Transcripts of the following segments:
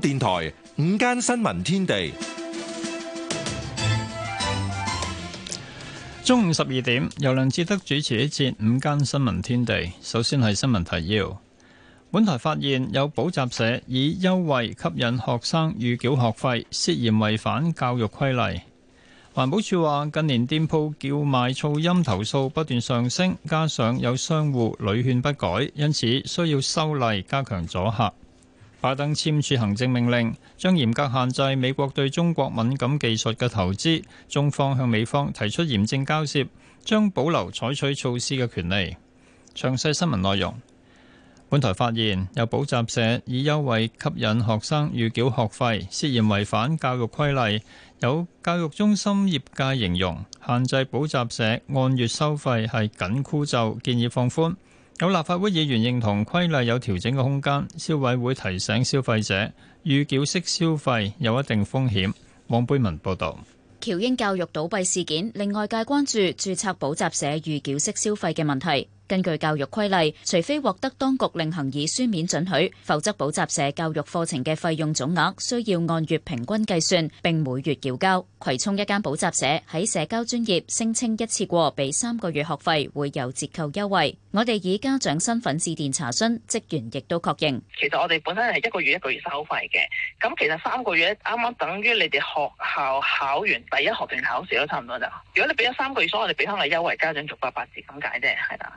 電台午間新聞天地，中午十二點由梁智德主持一節午間新聞天地。首先係新聞提要。本台發現有補習社以優惠吸引學生預繳學費，涉嫌違反教育規例。環保署話，近年店鋪叫賣噪音投訴不斷上升，加上有商戶屢勸不改，因此需要修例加強阻嚇。拜登簽署行政命令，將嚴格限制美國對中國敏感技術嘅投資。中方向美方提出嚴正交涉，將保留採取措施嘅權利。詳細新聞內容，本台發現有補習社以優惠吸引學生預繳學費，涉嫌違反教育規例。有教育中心業界形容，限制補習社按月收費係緊箍咒，建議放寬。有立法會議員認同規例有調整嘅空間，消委會提醒消費者預繳式消費有一定風險。黃貝文報導。喬英教育倒閉事件令外界關注註冊補習社預繳式消費嘅問題。根據教育規例，除非獲得當局另行以書面准許，否則補習社教育課程嘅費用總額需要按月平均計算並每月繳交。葵涌一間補習社喺社交專業聲稱一次過俾三個月學費會有折扣優惠。我哋以家長身份致電查詢，職員亦都確認。其實我哋本身係一個月一個月收費嘅，咁其實三個月啱啱等於你哋學校考完第一學段考試都差唔多就。如果你俾咗三個月，所以我哋俾翻個優惠，家長續八八折咁解啫，係啦。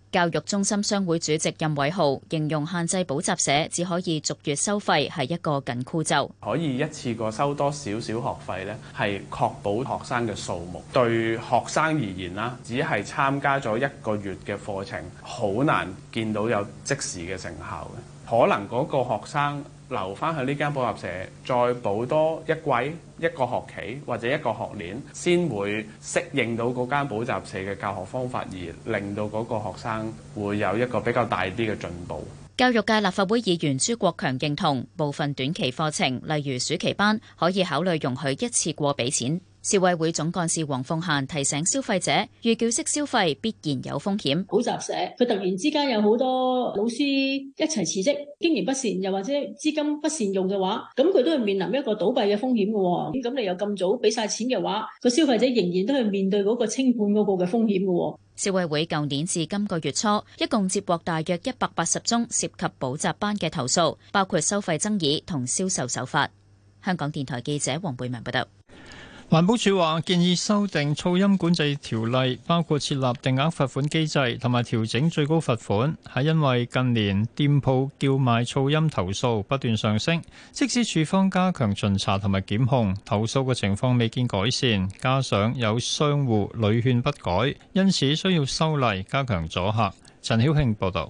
教育中心商會主席任偉豪形容限制補習社只可以逐月收費係一個緊箍咒，可以一次過收多少少學費咧，係確保學生嘅數目。對學生而言啦，只係參加咗一個月嘅課程，好難見到有即時嘅成效嘅，可能嗰個學生。留返去呢間補習社，再補多一季，一個學期或者一個學年，先會適應到嗰間補習社嘅教學方法，而令到嗰個學生會有一個比較大啲嘅進步。教育界立法會議員朱國強認同，部分短期課程，例如暑期班，可以考慮容許一次過俾錢。消委會總幹事黃鳳嫻提醒消費者，預繳式消費必然有風險。補習社佢突然之間有好多老師一齊辭職，經營不善又或者資金不善用嘅話，咁佢都係面臨一個倒閉嘅風險嘅喎。咁你又咁早俾晒錢嘅話，個消費者仍然都係面對嗰個清盤嗰個嘅風險嘅喎。消委會舊年至今個月初，一共接獲大約一百八十宗涉及補習班嘅投訴，包括收費爭議同銷售手法。香港電台記者黃貝文報道。環保署話建議修訂噪音管制條例，包括設立定額罰款機制，同埋調整最高罰款，係因為近年店鋪叫賣噪音投訴不斷上升，即使署方加強巡查同埋檢控，投訴嘅情況未見改善，加上有商戶屢勸不改，因此需要修例加強阻嚇。陳曉慶報道。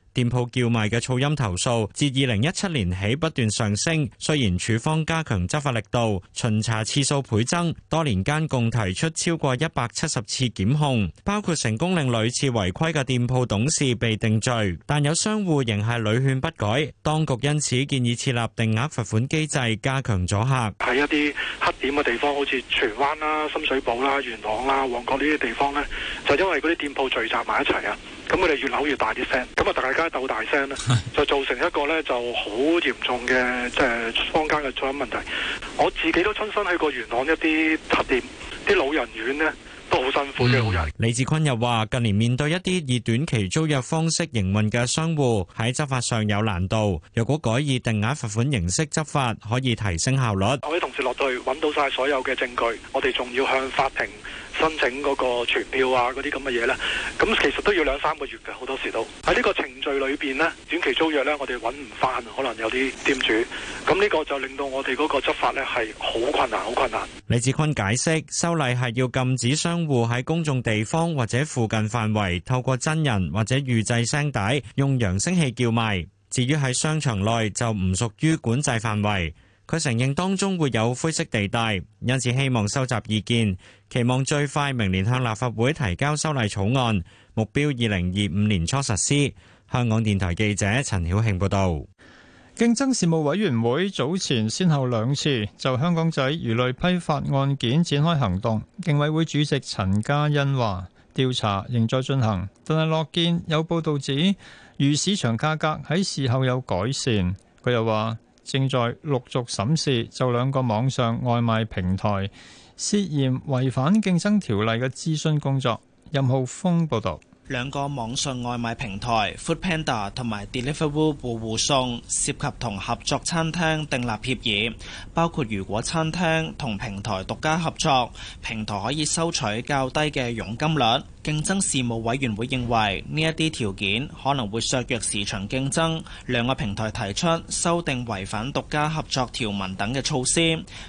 店鋪叫賣嘅噪音投訴，自二零一七年起不斷上升。雖然處方加強執法力度，巡查次數倍增，多年間共提出超過一百七十次檢控，包括成功令屢次違規嘅店鋪董事被定罪，但有商戶仍係屢勸不改。當局因此建議設立定額罰款機制加強，加強阻吓。喺一啲黑點嘅地方，好似荃灣啦、深水埗啦、元朗啦、旺角呢啲地方呢就是、因為嗰啲店鋪聚集埋一齊啊。咁佢哋越扭越大啲聲，咁啊大家鬥大聲咧，就造成一個咧就好嚴重嘅即係坊間嘅噪音問題。我自己都親身去過元朗一啲特店、啲老人院咧，都好辛苦嘅老人。李志坤又話：近年面對一啲以短期租約方式營運嘅商戶，喺執法上有難度。若果改以定額罰款形式執法，可以提升效率。我啲同事落去揾到曬所有嘅證據，我哋仲要向法庭申請嗰個傳票啊，嗰啲咁嘅嘢咧，咁其實都要兩三個月嘅，好多時都喺呢個程序裏邊咧，短期租約咧，我哋揾唔返，可能有啲店主，咁呢個就令到我哋嗰個執法咧係好困難，好困難。李志坤解釋，修例係要禁止商戶喺公眾地方或者附近範圍透過真人或者預製聲帶用揚聲器叫賣。至於喺商場內，就唔屬於管制範圍。佢承認當中會有灰色地帶，因此希望收集意見，期望最快明年向立法會提交修例草案，目標二零二五年初實施。香港電台記者陳曉慶報導。競爭事務委員會早前先後兩次就香港仔魚類批發案件展開行動，競委會主席陳嘉欣話：調查仍在進行，但係樂見有報道指魚市場價格喺事後有改善。佢又話，正在陸續審視就兩個網上外賣平台涉嫌違反競爭條例嘅諮詢工作。任浩峰報導，兩個網上外賣平台 Foodpanda 同埋 Deliveroo 戶戶送涉及同合作餐廳訂立協議，包括如果餐廳同平台獨家合作，平台可以收取較低嘅佣金率。競爭事務委員會認為呢一啲條件可能會削弱市場競爭。兩個平台提出修訂違反獨家合作條文等嘅措施。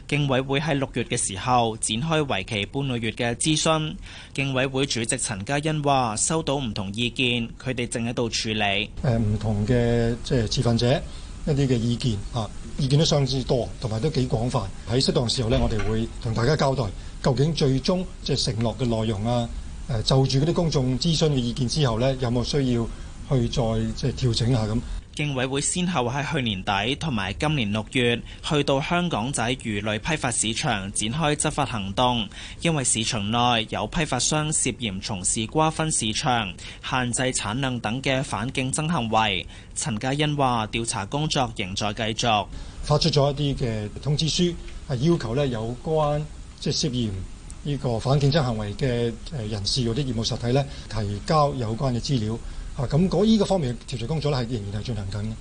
競委會喺六月嘅時候展開為期半個月嘅諮詢。競委會主席陳嘉欣話：收到唔同意見，佢哋正喺度處理誒唔同嘅即係持份者一啲嘅意見啊，意見都相當之多，同埋都幾廣泛。喺適當時候呢，我哋會同大家交代究竟最終即係承諾嘅內容啊。誒就住嗰啲公眾諮詢嘅意見之後呢有冇需要去再即係調整一下咁？競委會先後喺去年底同埋今年六月，去到香港仔魚類批發市場展開執法行動，因為市場內有批發商涉嫌從事瓜分市場、限制產量等嘅反競爭行為。陳嘉欣話：調查工作仍在繼續，發出咗一啲嘅通知書，係要求呢有關即係涉嫌。呢個反競爭行為嘅誒人士或者業務實體咧，提交有關嘅資料嚇，咁嗰依個方面嘅調查工作咧，係仍然係進行緊嘅。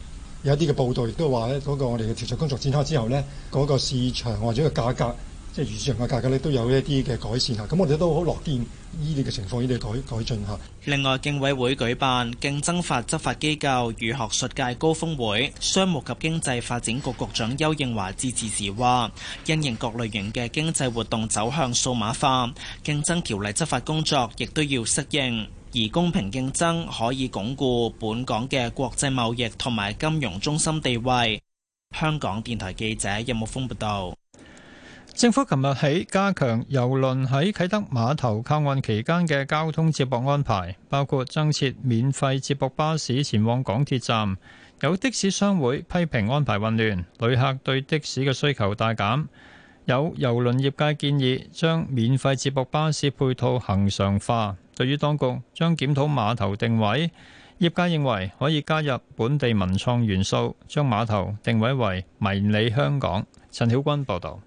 有一啲嘅報道亦都話咧，嗰個我哋嘅調查工作展開之後咧，嗰個市場或者個價格。即係市場嘅價格咧，都有一啲嘅改善吓，咁我哋都好樂見呢啲嘅情況呢度改改進吓。另外，競委會舉辦競爭法執法機構與學術界高峰會，商務及經濟發展局局長邱應華致辭時話，因應各類型嘅經濟活動走向數碼化，競爭條例執法工作亦都要適應，而公平競爭可以鞏固本港嘅國際貿易同埋金融中心地位。香港電台記者任木峯報道。政府琴日起加強郵輪喺啟德碼頭靠岸期間嘅交通接駁安排，包括增設免費接駁巴士前往港鐵站。有的士商會批評安排混亂，旅客對的士嘅需求大減，有郵輪業界建議將免費接駁巴士配套恒常化。對於當局將檢討碼頭定位，業界認為可以加入本地文創元素，將碼頭定位為迷你香港。陳曉君報道。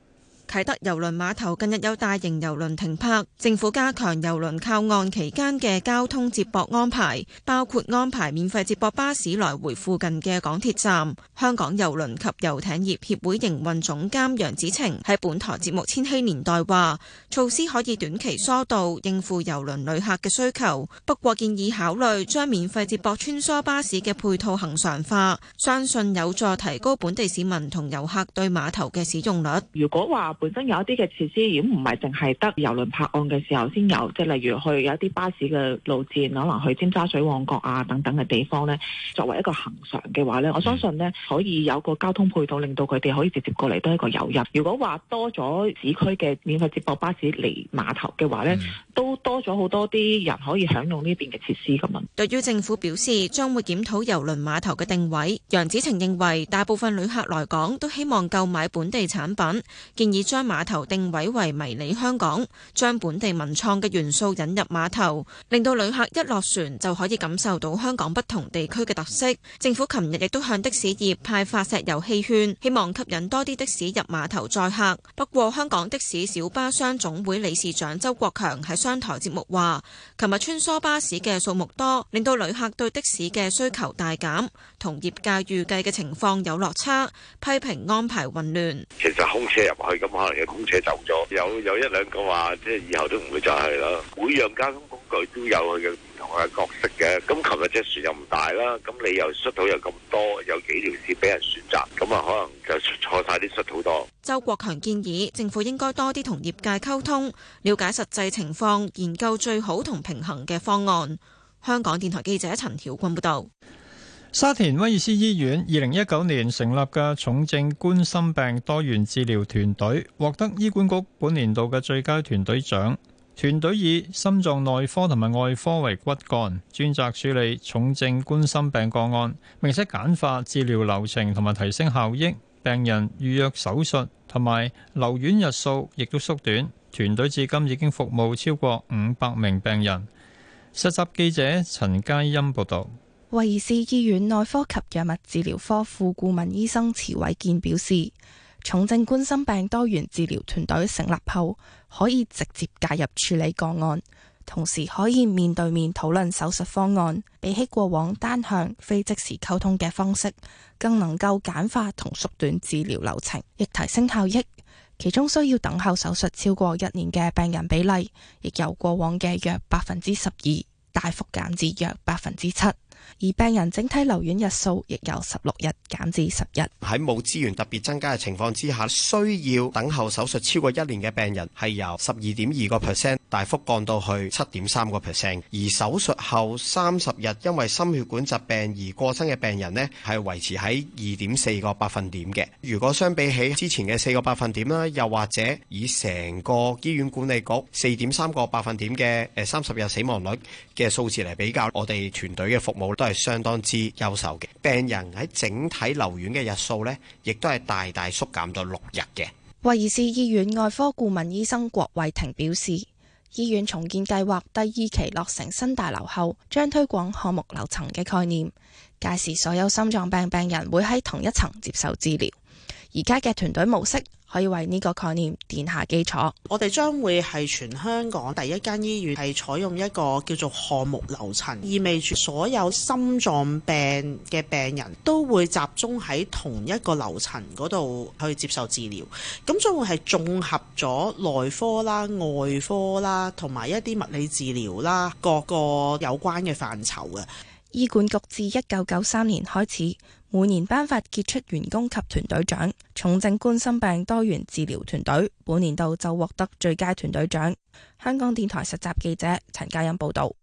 啟德郵輪碼頭近日有大型郵輪停泊，政府加強郵輪靠岸期間嘅交通接駁安排，包括安排免費接駁巴士來回附近嘅港鐵站。香港郵輪及遊艇業協會營運總監楊子晴喺本台節目《千禧年代》話：措施可以短期疏導應付郵輪旅客嘅需求，不過建議考慮將免費接駁穿梭巴士嘅配套恒常化，相信有助提高本地市民同遊客對碼頭嘅使用率。如果話本身有一啲嘅設施，如果唔係淨係得遊輪泊岸嘅時候先有，即係例如去有一啲巴士嘅路線，可能去尖沙咀、旺角啊等等嘅地方咧，作為一個恆常嘅話咧，我相信咧可以有個交通配套，令到佢哋可以直接過嚟都係一個游入。如果話多咗市區嘅免費接駁巴士嚟碼頭嘅話咧，都多咗好多啲人可以享用呢邊嘅設施咁啊。嗯、對於政府表示將會檢討郵輪碼頭嘅定位，楊子晴認為大部分旅客來港都希望購買本地產品，建議。將碼頭定位為迷你香港，將本地文創嘅元素引入碼頭，令到旅客一落船就可以感受到香港不同地區嘅特色。政府琴日亦都向的士業派發石油氣券，希望吸引多啲的士入碼頭載客。不過，香港的士小巴商總會理事長周國強喺商台節目話，琴日穿梭巴士嘅數目多，令到旅客對的士嘅需求大減，同業界預計嘅情況有落差，批評安排混亂。其實空車入去咁。可能嘅公車走咗，有有一兩個話，即係以後都唔會再係啦。每樣交通工具都有佢嘅唔同嘅角色嘅。咁琴日隻船又唔大啦，咁你又摔道又咁多，有幾條線俾人選擇，咁啊可能就錯晒啲摔道多。周國強建議政府應該多啲同業界溝通，了解實際情況，研究最好同平衡嘅方案。香港電台記者陳曉君報道。沙田威爾斯醫院2019年成立嘅重症冠心病多元治療團隊，獲得醫管局本年度嘅最佳團隊獎。團隊以心臟內科同埋外科為骨幹，專責處理重症冠心病個案，明晰簡化治療流程同埋提升效益。病人預約手術同埋留院日數亦都縮短。團隊至今已經服務超過五百名病人。實習記者陳佳欣報道。威爾斯醫院內科及藥物治療科副顧問醫生池偉健表示，重症冠心病多元治療團隊成立後，可以直接介入處理個案，同時可以面對面討論手術方案，比起過往單向非即時溝通嘅方式，更能夠簡化同縮短治療流程，亦提升效益。其中需要等候手術超過一年嘅病人比例，亦由過往嘅約百分之十二大幅減至約百分之七。而病人整體留院日數亦由十六日減至十一日。喺冇資源特別增加嘅情況之下，需要等候手術超過一年嘅病人係由十二點二個 percent 大幅降到去七點三個 percent。而手術後三十日因為心血管疾病而過身嘅病人呢，係維持喺二點四個百分點嘅。如果相比起之前嘅四個百分點啦，又或者以成個醫院管理局四點三個百分點嘅誒三十日死亡率嘅數字嚟比較，我哋團隊嘅服務。都係相當之優秀嘅，病人喺整體留院嘅日數呢，亦都係大大縮減到六日嘅。威爾斯醫院外科顧問醫生郭慧婷表示，醫院重建計劃第二期落成新大樓後，將推廣項目樓層嘅概念，屆時所有心臟病病人會喺同一層接受治療。而家嘅團隊模式可以為呢個概念奠下基礎。我哋將會係全香港第一間醫院係採用一個叫做「項目樓層」，意味住所有心臟病嘅病人都會集中喺同一個樓層嗰度去接受治療。咁將會係綜合咗內科啦、外科啦，同埋一啲物理治療啦，各個有關嘅範疇嘅。醫管局自一九九三年開始。每年頒發傑出員工及團隊獎，重症冠心病多元治療團隊本年度就獲得最佳團隊獎。香港電台實習記者陳嘉欣報道。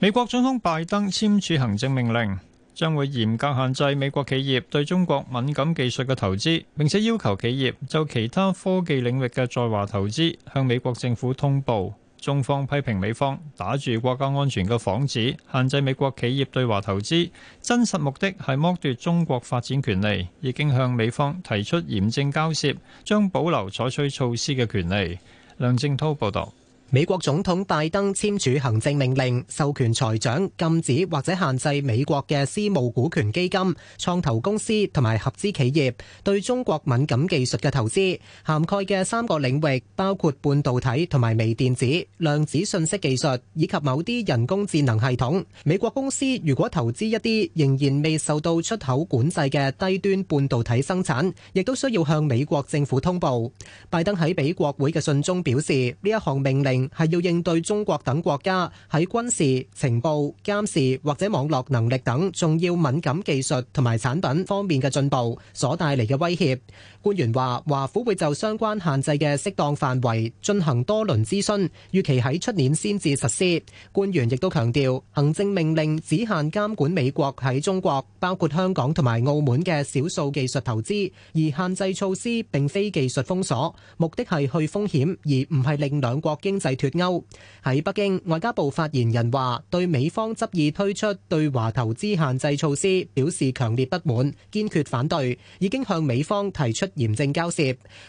美國總統拜登簽署行政命令，將會嚴格限制美國企業對中國敏感技術嘅投資，並且要求企業就其他科技領域嘅在華投資向美國政府通報。中方批評美方打住國家安全嘅幌子，限制美國企業對華投資，真實目的係剝奪中國發展權利。已經向美方提出嚴正交涉，將保留採取措施嘅權利。梁正滔報道。美國總統拜登簽署行政命令，授權財長禁止或者限制美國嘅私募股權基金、創投公司同埋合資企業對中國敏感技術嘅投資，涵蓋嘅三個領域包括半導體同埋微電子、量子信息技術、以及某啲人工智能系統。美國公司如果投資一啲仍然未受到出口管制嘅低端半導體生產，亦都需要向美國政府通報。拜登喺畀國會嘅信中表示，呢一項命令係要應對中國等國家喺軍事、情報、監視或者網絡能力等重要敏感技術同埋產品方面嘅進步所帶嚟嘅威脅。官員話，華府會就相關限制嘅適當範圍進行多輪諮詢，預期喺出年先至實施。官員亦都強調，行政命令只限監管美國喺中國，包括香港同埋澳門嘅少數技術投資，而限制措施並非技術封鎖，目的係去風險，而唔係令兩國經濟。脫鈎喺北京，外交部發言人話，對美方執意推出對華投資限制措施表示強烈不滿，堅決反對，已經向美方提出嚴正交涉。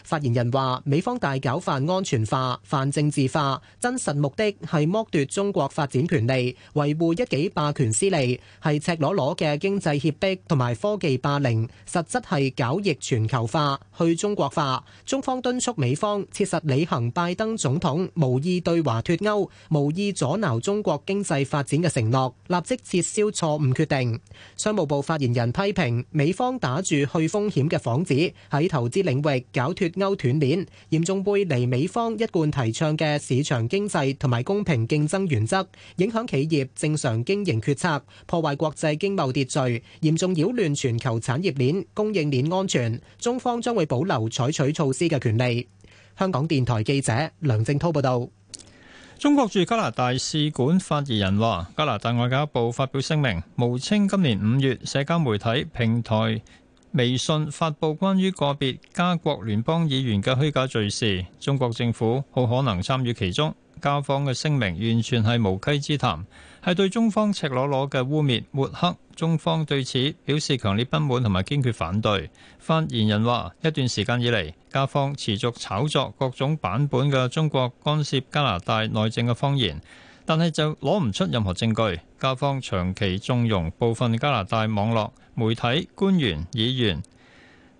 發言人話，美方大搞泛安全化、泛政治化，真實目的係剝奪中國發展權利，維護一己霸權私利，係赤裸裸嘅經濟脅迫同埋科技霸凌，實質係搞逆全球化、去中國化。中方敦促美方切實履行拜登總統無意。對對華脫歐，無意阻撓中國經濟發展嘅承諾，立即撤銷錯誤決定。商務部發言人批評美方打住去風險嘅幌子，喺投資領域搞脫歐斷鏈，嚴重背離美方一貫提倡嘅市場經濟同埋公平競爭原則，影響企業正常經營決策，破壞國際經貿秩序，嚴重擾亂全球產業鏈供應鏈安全。中方將會保留採取措施嘅權利。香港電台記者梁正滔報道。中國駐加拿大使館發言人話，加拿大外交部發表聲明，誣稱今年五月社交媒體平台微信發布關於個別加國聯邦議員嘅虛假敘事，中國政府好可能參與其中。加方嘅聲明完全係無稽之談。係對中方赤裸裸嘅污蔑抹黑，中方對此表示強烈不滿同埋堅決反對。發言人話：一段時間以嚟，加方持續炒作各種版本嘅中國干涉加拿大內政嘅謊言，但係就攞唔出任何證據。加方長期縱容部分加拿大網絡媒體、官員、議員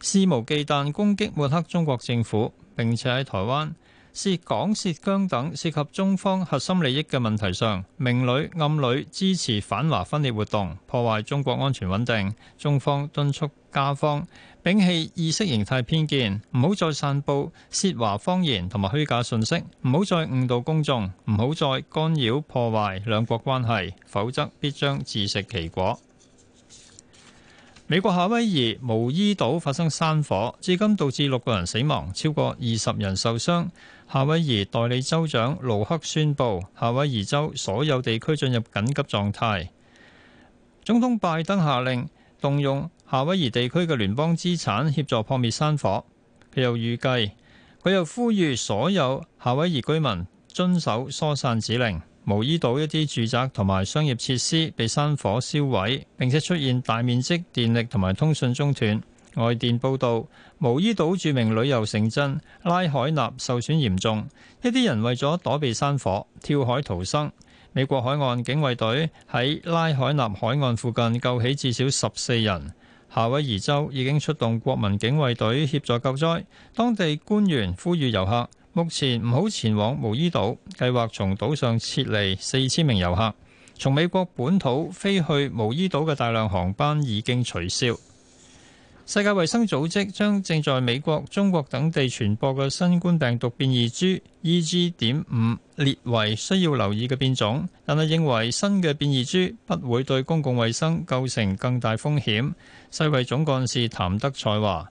肆無忌憚攻擊抹黑中國政府，並且喺台灣、涉港涉疆等涉及中方核心利益嘅問題上，明裏暗裏支持反華分裂活動，破壞中國安全穩定。中方敦促加方摒棄意識形態偏見，唔好再散佈涉華謊言同埋虛假信息，唔好再誤導公眾，唔好再干擾破壞兩國關係，否則必將自食其果。美國夏威夷毛伊島發生山火，至今導致六個人死亡，超過二十人受傷。夏威夷代理州長盧克宣布，夏威夷州所有地區進入緊急狀態。總統拜登下令動用夏威夷地區嘅聯邦資產協助撲滅山火。佢又預計，佢又呼籲所有夏威夷居民遵守疏散指令。毛伊島一啲住宅同埋商業設施被山火燒毀，並且出現大面積電力同埋通訊中斷。外電報道，毛伊島著名旅遊城鎮拉海納受損嚴重，一啲人為咗躲避山火跳海逃生。美國海岸警衛隊喺拉海納海岸附近救起至少十四人。夏威夷州已經出動國民警衛隊協助救災，當地官員呼籲遊客。目前唔好前往毛伊島，計劃從島上撤離四千名遊客。從美國本土飛去毛伊島嘅大量航班已經取消。世界衛生組織將正在美國、中國等地傳播嘅新冠病毒變異株 EG.5 列為需要留意嘅變種，但係認為新嘅變異株不會對公共衛生構成更大風險。世衞總幹事譚德塞話，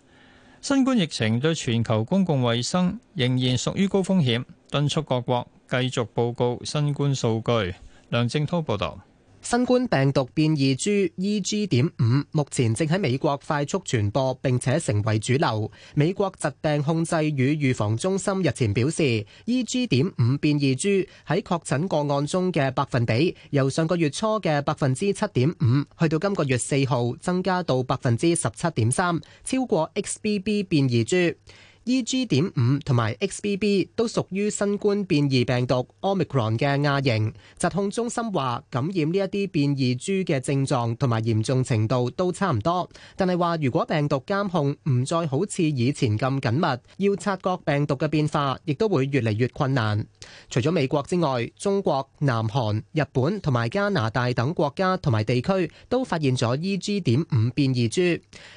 新冠疫情對全球公共衛生仍然屬於高風險，敦促各國繼續報告新冠數據，梁正濤報道。新冠病毒變異株 EG.5 目前正喺美國快速傳播，並且成為主流。美國疾病控制與預防中心日前表示，EG.5 變異株喺確診個案中嘅百分比，由上個月初嘅百分之七點五，去到今個月四號增加到百分之十七點三，超過 XBB 變異株。E.G. 點五同埋 X.B.B. 都屬於新冠變異病毒 Omicron 嘅亞型。疾控中心話，感染呢一啲變異株嘅症狀同埋嚴重程度都差唔多，但係話如果病毒監控唔再好似以前咁緊密，要察覺病毒嘅變化，亦都會越嚟越困難。除咗美國之外，中國、南韓、日本同埋加拿大等國家同埋地區都發現咗 E.G. 點五變異株。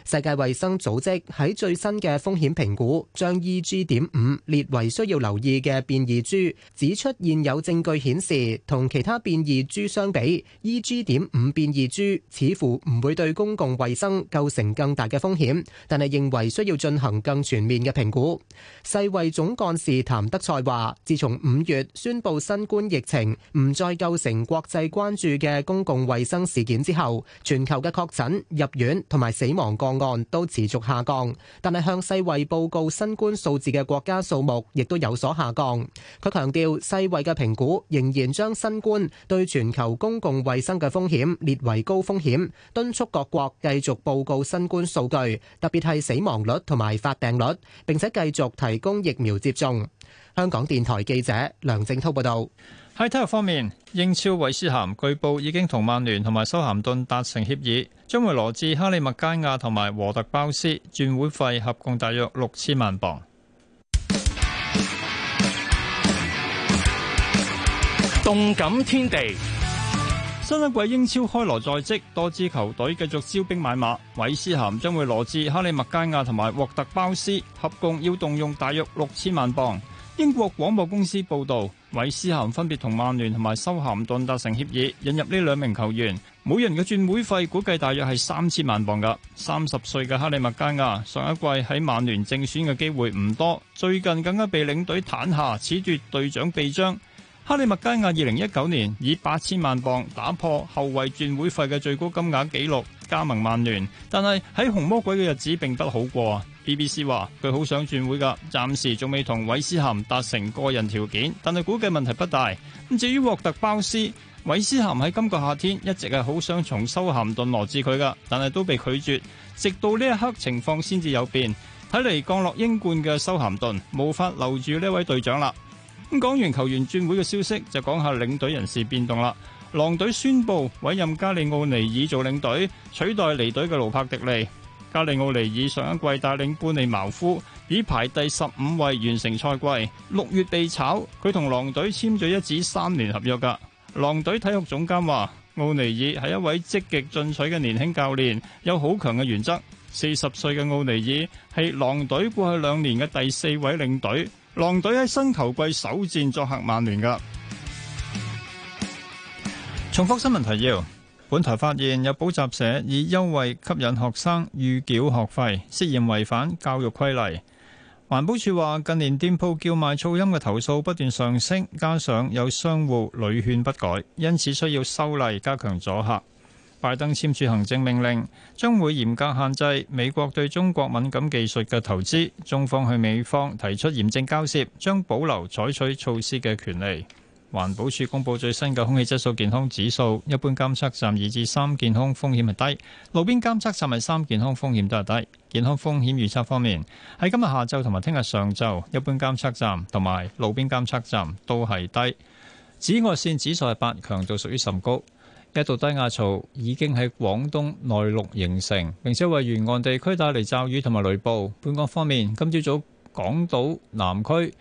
世界衛生組織喺最新嘅風險評估，將 E.G. 點五列為需要留意嘅變異株，指出現有證據顯示，同其他變異株相比，E.G. 點五變異株似乎唔會對公共衛生構成更大嘅風險，但係認為需要進行更全面嘅評估。世衞總幹事譚德塞話：自從五月宣布新冠疫情唔再構成國際關注嘅公共衛生事件之後，全球嘅確診、入院同埋死亡個案都持續下降，但係向世衞報告新冠數字嘅國家數目亦都有所下降。佢強調，世衛嘅評估仍然將新冠對全球公共衛生嘅風險列為高風險，敦促各國繼續報告新冠數據，特別係死亡率同埋發病率，並且繼續提供疫苗接種。香港電台記者梁靜滔報導。喺體育方面，英超韋斯咸據報已經同曼聯同埋修咸頓達成協議，將會羅致哈利麥加亞同埋獲特鮑斯轉會費合共大約六千萬鎊。動感天地，新一季英超開鑼在即，多支球隊繼續招兵買馬。韋斯咸將會羅致哈利麥加亞同埋獲特鮑斯合共要動用大約六千萬鎊。英國廣播公司報道。韋斯咸分別同曼聯同埋修咸頓達成協議，引入呢兩名球員，每人嘅轉會費估計大約係三千萬鎊噶。三十歲嘅哈利麥加亞上一季喺曼聯正選嘅機會唔多，最近更加被領隊彈下，褫奪隊長臂章。哈利麥加亞二零一九年以八千萬鎊打破後衛轉會費嘅最高金額紀錄，加盟曼聯，但係喺紅魔鬼嘅日子並不好過。BBC 話佢好想轉會㗎，暫時仲未同韋斯咸達成個人條件，但係估計問題不大。咁至於獲特包斯，韋斯咸喺今個夏天一直係好想從修咸頓羅致佢㗎，但係都被拒絕。直到呢一刻情況先至有變，睇嚟降落英冠嘅修咸頓無法留住呢位隊長啦。咁講完球員轉會嘅消息，就講下領隊人事變動啦。狼隊宣布委任加利奧尼爾做領隊，取代離隊嘅盧柏迪利。加利奧尼爾上一季帶領般尼茅夫以排第十五位完成賽季，六月被炒。佢同狼隊簽咗一紙三年合約噶。狼隊體育總監話：奧尼爾係一位積極進取嘅年輕教練，有好強嘅原則。四十歲嘅奧尼爾係狼隊過去兩年嘅第四位領隊。狼隊喺新球季首戰作客曼聯噶。重複新聞提要。本台發現有補習社以優惠吸引學生預繳學費，涉嫌違反教育規例。環保署話，近年店鋪叫賣噪音嘅投訴不斷上升，加上有商戶屢勸不改，因此需要修例加強阻嚇。拜登簽署行政命令，將會嚴格限制美國對中國敏感技術嘅投資。中方向美方提出嚴正交涉，將保留採取措施嘅權利。環保署公布最新嘅空氣質素健康指數，一般監測站二至三健康風險係低，路邊監測站係三健康風險都係低。健康風險預測方面，喺今日下晝同埋聽日上晝，一般監測站同埋路邊監測站都係低。紫外線指數係八，強度屬於甚高。一道低壓槽已經喺廣東內陸形成，並且為沿岸地區帶嚟驟雨同埋雷暴。本港方面，今朝早港島南區、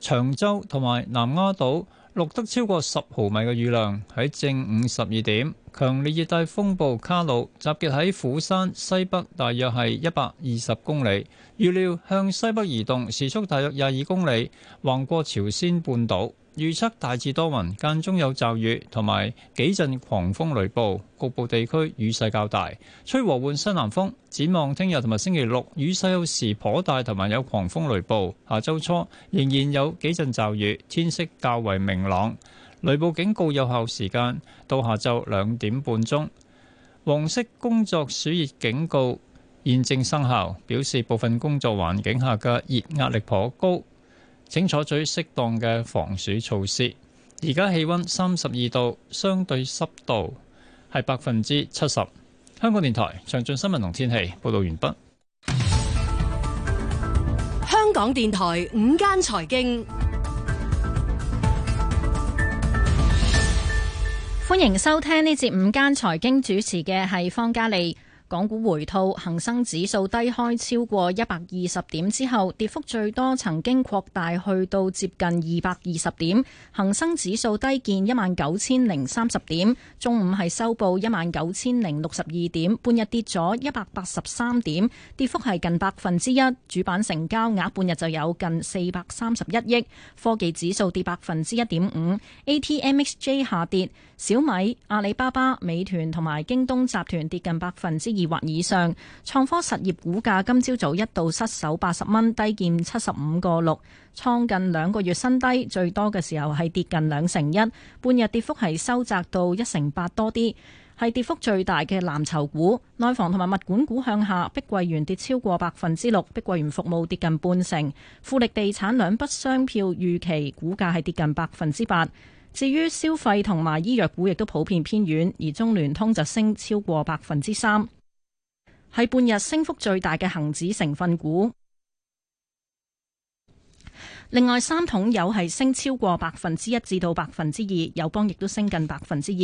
長洲同埋南丫島，錄得超過十毫米嘅雨量，喺正午十二點。強烈熱帶風暴卡努集結喺釜山西北，大約係一百二十公里，預料向西北移動，時速大約廿二公里，橫過朝鮮半島。預測大致多雲，間中有驟雨，同埋幾陣狂風雷暴，局部地區雨勢較大，吹和緩西南風。展望聽日同埋星期六，雨勢有時頗大，同埋有狂風雷暴。下周初仍然有幾陣驟雨，天色較為明朗。雷暴警告有效時間到下晝兩點半鐘。黃色工作暑熱警告現正生效，表示部分工作環境下嘅熱壓力頗高。請採取適當嘅防暑措施。而家氣温三十二度，相對濕度係百分之七十。香港電台詳盡新聞同天氣報導完畢。香港電台午間財經，歡迎收聽呢節午間財經，主持嘅係方嘉莉。港股回吐，恒生指數低開超過一百二十點之後，跌幅最多曾經擴大去到接近二百二十點。恒生指數低見一萬九千零三十點，中午係收報一萬九千零六十二點，半日跌咗一百八十三點，跌幅係近百分之一。主板成交額半日就有近四百三十一億。科技指數跌百分之一點五，ATMXJ 下跌，小米、阿里巴巴、美團同埋京東集團跌近百分之二。或以上創科實業股價今朝早，早一度失守八十蚊，低見七十五個六，創近兩個月新低，最多嘅時候係跌近兩成一，半日跌幅係收窄到一成八多啲，係跌幅最大嘅藍籌股。內房同埋物管股向下，碧桂園跌超過百分之六，碧桂園服務跌近半成，富力地產兩筆商票預期股價係跌近百分之八。至於消費同埋醫藥股亦都普遍偏軟，而中聯通就升超過百分之三。係半日升幅最大嘅恒指成分股。另外三桶油係升超過百分之一至到百分之二，友邦亦都升近百分之二。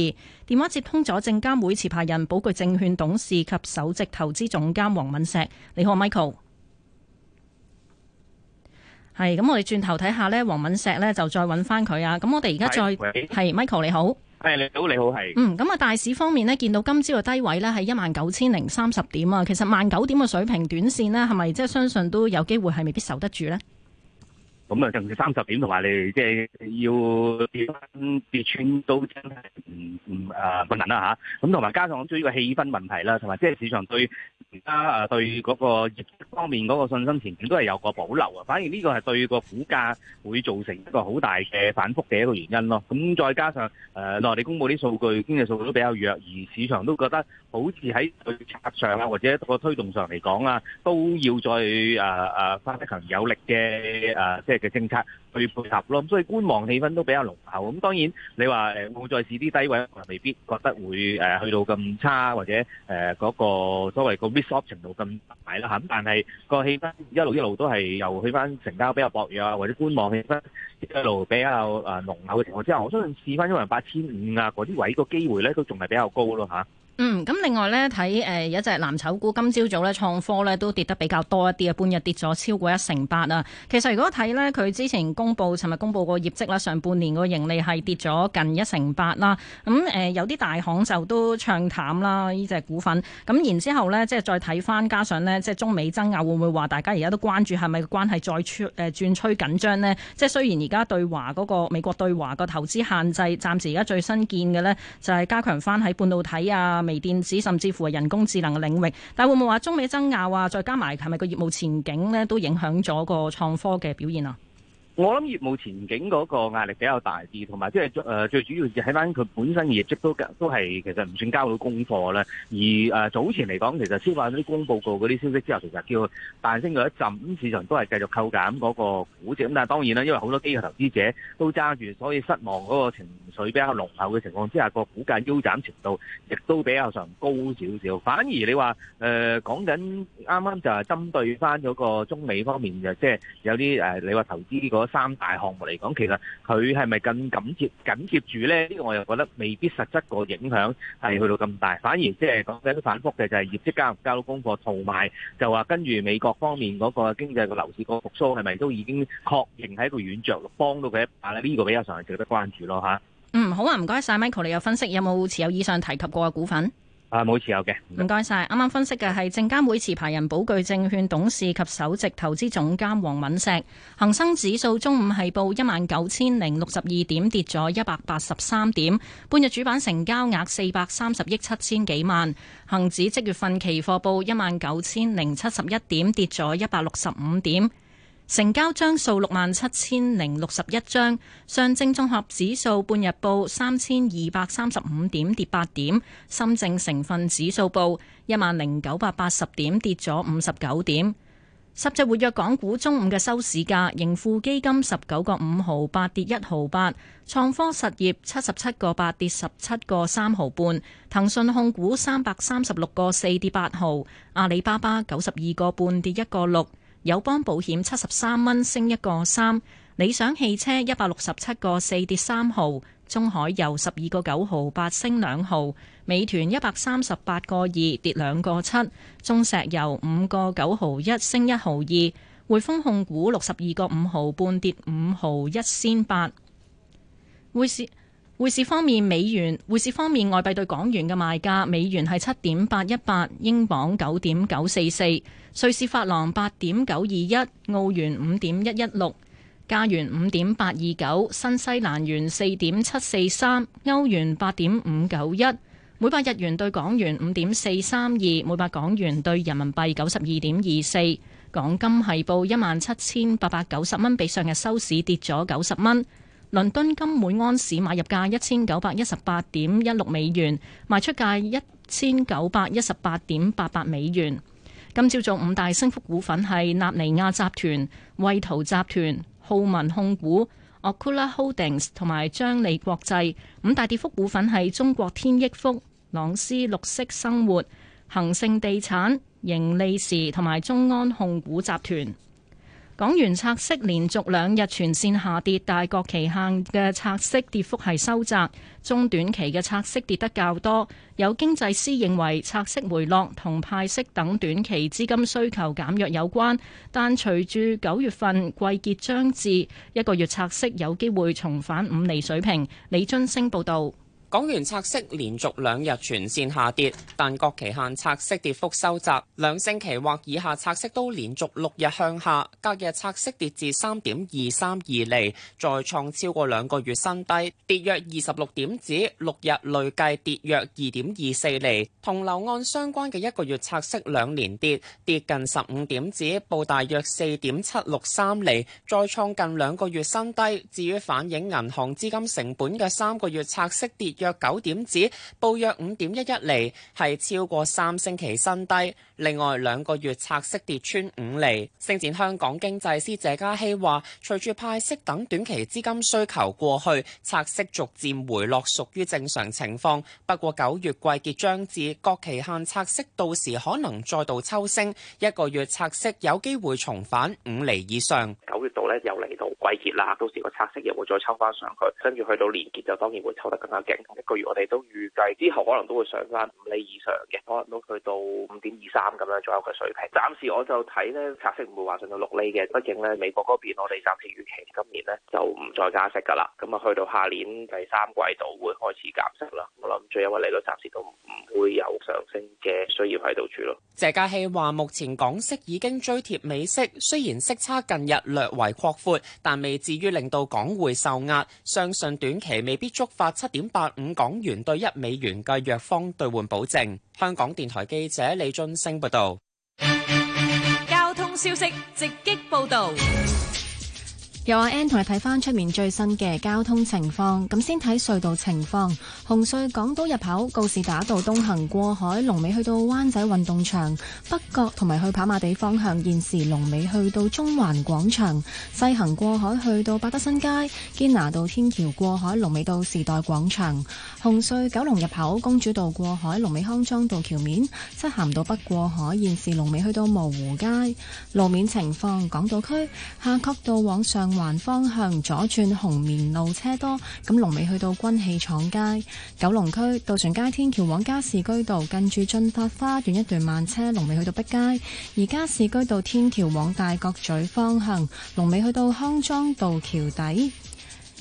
電話接通咗證監會持牌人、寶具證券董事及首席投資總監黃敏石。你好，Michael。係咁，我哋轉頭睇下呢黃敏石呢，就再揾翻佢啊。咁我哋而家再係喂 Michael 你好。係你好，你好係。嗯，咁啊，大市方面咧，見到今朝嘅低位咧，係一萬九千零三十點啊。其實萬九點嘅水平，短線咧，係咪即係相信都有機會係未必守得住咧？咁、嗯就是、啊，甚至三十點同埋你即係要跌翻跌穿都真係唔唔啊困難啦吓。咁同埋加上對呢個氣氛問題啦，同埋即係市場對。而家誒對嗰個業績方面嗰個信心前景都係有個保留啊，反而呢個係對個股價會造成一個好大嘅反覆嘅一個原因咯。咁再加上誒內地公布啲數據，經濟數據都比較弱，而市場都覺得好似喺對策上啊，或者個推動上嚟講啊，都要再誒誒發出強有力嘅誒即係嘅政策去配合咯，咁所以觀望氣氛都比較濃厚。咁當然你話誒冇再試啲低位，我未必覺得會誒去到咁差，或者誒嗰個所謂個 risk option 程度咁大啦嚇。咁但係個氣氛一路一路都係由去翻成交比較薄弱啊，或者觀望氣氛一路比較誒濃厚嘅情況之下，我相信試翻因為八千五啊嗰啲位個機會咧都仲係比較高咯嚇。嗯，咁另外呢，睇有一隻藍籌股，今朝早呢創科呢都跌得比較多一啲啊，半日跌咗超過一成八啦。其實如果睇呢，佢之前公布尋日公布個業績啦，上半年個盈利係跌咗近一成八啦。咁誒有啲大行就都唱淡啦呢隻股份。咁然之後呢，即係再睇翻，加上呢，即係中美爭拗，會唔會話大家而家都關注係咪關係再誒轉趨緊張呢？即係雖然而家對華嗰、那個美國對華個投資限制，暫時而家最新見嘅呢，就係、是、加強翻喺半導體啊。微電子甚至乎係人工智能嘅領域，但係會唔會話中美爭拗啊？再加埋係咪個業務前景呢都影響咗個創科嘅表現啊？我諗業務前景嗰個壓力比較大啲，同埋即係誒最主要係睇翻佢本身業績都都係其實唔算交到功課啦。而誒早前嚟講，其實消化啲公布過嗰啲消息之後，其實叫彈升咗一陣，市場都係繼續扣減嗰個股值。咁但係當然啦，因為好多機構投資者都揸住，所以失望嗰個情緒比較濃厚嘅情況之下，個股價腰斬程度亦都比較上高少少。反而你話誒、呃、講緊啱啱就係針對翻嗰個中美方面就即係有啲誒你話投資、嗰個三大項目嚟講，其實佢係咪更緊接緊接住咧？呢個我又覺得未必實質個影響係去到咁大，反而即係講緊反覆嘅就係業績交唔交到功課，同埋就話跟住美國方面嗰個經濟個樓市個復蘇，係咪都已經確認喺度軟着陸，幫到佢一把咧？呢個比較上係值得關注咯吓，嗯，好啊，唔該晒 Michael 你有分析有冇持有以上提及過嘅股份？啊，冇持有嘅。唔該晒。啱啱分析嘅係證監會持牌人寶鉅證券董事及首席投資總監黃敏石。恒生指數中午係報一萬九千零六十二點，跌咗一百八十三點。半日主板成交額四百三十億七千幾萬。恒指即月份期貨報一萬九千零七十一點，跌咗一百六十五點。成交張數六萬七千零六十一張，上證綜合指數半日報三千二百三十五點，跌八點；深證成分指數報一萬零九百八十點，跌咗五十九點。十隻活躍港股中午嘅收市價，盈富基金十九個五毫八跌一毫八，創科實業七十七個八跌十七個三毫半，騰訊控股三百三十六個四跌八毫，阿里巴巴九十二個半跌一個六。友邦保險七十三蚊升一個三，理想汽車一百六十七個四跌三毫，中海油十二個九毫八升兩毫，美團一百三十八個二跌兩個七，中石油五個九毫一升一毫二，匯豐控股六十二個五毫半跌五毫一先八，匯匯市方面，美元匯市方面，外幣對港元嘅賣價，美元係七點八一八，英鎊九點九四四，瑞士法郎八點九二一，澳元五點一一六，加元五點八二九，新西蘭元四點七四三，歐元八點五九一，每百日元對港元五點四三二，每百港元對人民幣九十二點二四，港金係報一萬七千八百九十蚊，比上日收市跌咗九十蚊。倫敦金每安士買入價一千九百一十八點一六美元，賣出價一千九百一十八點八八美元。今朝早五大升幅股份係納尼亞集團、惠陶集團、浩文控股、Okura Holdings 同埋張利國際。五大跌幅股份係中國天益福、朗詩綠色生活、恒盛地產、盈利時同埋中安控股集團。港元拆息連續兩日全線下跌，大國期限嘅拆息跌幅係收窄，中短期嘅拆息跌得較多。有經濟師認為拆息回落同派息等短期資金需求減弱有關，但隨住九月份季結將至，一個月拆息有機會重返五厘水平。李津升報導。港元拆息連續兩日全線下跌，但各期限拆息跌幅收窄。兩星期或以下拆息都連續六日向下，隔日拆息跌至三點二三二厘，再創超過兩個月新低，跌約二十六點指，六日累計跌約二點二四厘，同樓按相關嘅一個月拆息兩年跌，跌近十五點指，報大約四點七六三厘，再創近兩個月新低。至於反映銀行資金成本嘅三個月拆息跌。約九點指報約五點一一厘，係超過三星期新低。另外兩個月拆息跌穿五厘。星展香港經濟師謝家希話，隨住派息等短期資金需求過去，拆息逐漸回落屬於正常情況。不過九月季結將至，各期限拆息到時可能再度抽升，一個月拆息有機會重返五厘以上。九月度呢又嚟到季結啦，到時個拆息又會再抽翻上去，跟住去到年結就當然會抽得更加勁。一個月我哋都預計之後可能都會上翻五厘以上嘅，可能都去到五點二三。咁樣左右嘅水平，暫時我就睇呢，拆息唔會話上到六厘嘅，畢竟呢美國嗰邊我哋暫時預期今年呢就唔再加息噶啦，咁啊去到下年第三季度會開始減息啦。我諗最因為利率暫時都唔會有上升嘅需要喺度住咯。謝嘉慶話：目前港息已經追貼美息，雖然息差近日略為擴闊，但未至於令到港匯受壓。相信短期未必觸發七點八五港元對一美元嘅弱方兌換保證。香港電台記者李俊盛。交通消息，直擊報道。又話 Ann 同你睇返出面最新嘅交通情況，咁先睇隧道情況。紅隧港島入口告士打道東行過海，龍尾去到灣仔運動場北角，同埋去跑馬地方向。現時龍尾去到中環廣場，西行過海去到百德新街堅拿道天橋過海，龍尾到時代廣場。紅隧九龍入口公主道過海，龍尾康莊道橋面漆咸道北過海。現時龍尾去到蕪湖街路面情況，港島區夏慤道往上環方向左轉紅棉路車多，咁龍尾去到軍器廠街。九龍區渡船街天橋往加士居道，近住駿發花園一段慢車，龍尾去到北街。而加士居道天橋往大角咀方向，龍尾去到康莊道橋底。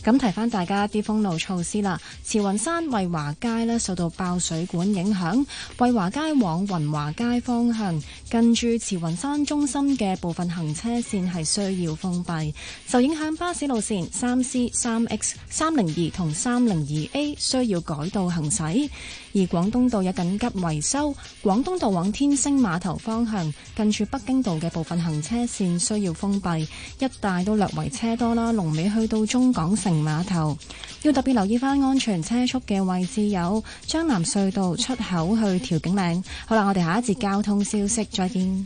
咁提翻大家啲封路措施啦，慈雲山惠華街呢受到爆水管影響，惠華街往雲華街方向，近住慈雲山中心嘅部分行車線係需要封閉，受影響巴士路線三 C、三 X、三零二同三零二 A 需要改道行駛。而廣東道有緊急維修，廣東道往天星碼頭方向近處北京道嘅部分行車線需要封閉，一帶都略為車多啦。龍尾去到中港城碼頭，要特別留意返安全車速嘅位置有張南隧道出口去調景嶺。好啦，我哋下一節交通消息再見。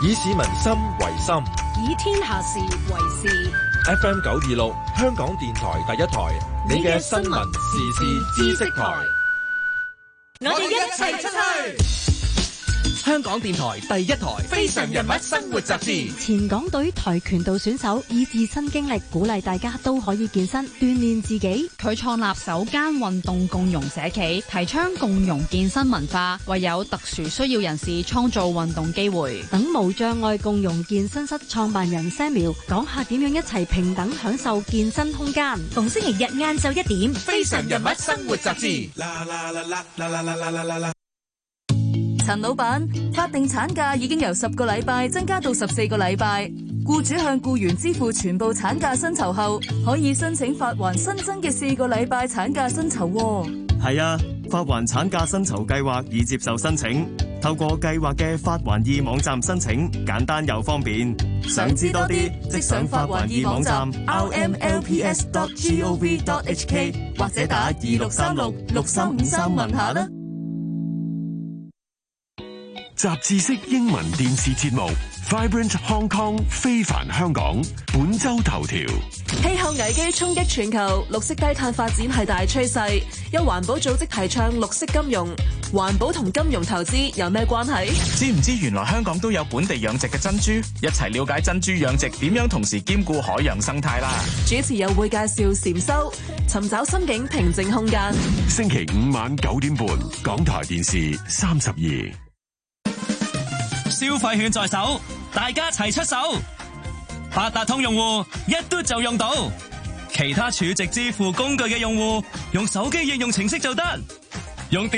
以市民心為心，以天下事為事。FM 九二六，香港電台第一台，你嘅新聞時事知識台。我哋一齊出去。香港電台第一台《非常人物生活雜誌》，前港隊跆拳道選手以自身經歷鼓勵大家都可以健身鍛煉自己。佢創立首間運動共融社企，提倡共融健身文化，為有特殊需要人士創造運動機會。等無障礙共融健身室創辦人 Samuel 講下點樣一齊平等享受健身空間。逢星期日晏晝一點，《非常人物生活雜誌》啦。啦啦啦啦啦啦陳老闆，法定產假已經由十個禮拜增加到十四個禮拜。僱主向僱員支付全部產假薪酬後，可以申請發還新增嘅四個禮拜產假薪酬。哦。係啊，發還產假薪酬計劃已接受申請，透過計劃嘅發還易網站申請，簡單又方便。想知多啲，即上發還易網站 rmlps.gov.hk，或者打二六三六六三五三問下啦。雜誌式英文電視節目 Vibrant Hong Kong 非凡香港本周頭條：氣候危機衝擊全球，綠色低碳發展係大趨勢。有環保組織提倡綠色金融，環保同金融投資有咩關係？知唔知原來香港都有本地養殖嘅珍珠？一齊了解珍珠養殖點樣同時兼顧海洋生態啦！主持又會介紹禪修，尋找心境平靜空間。星期五晚九點半，港台電視三十二。消費券在手，大家齊出手。八達通用戶一嘟就用到，其他儲值支付工具嘅用戶，用手機應用程式就得。用。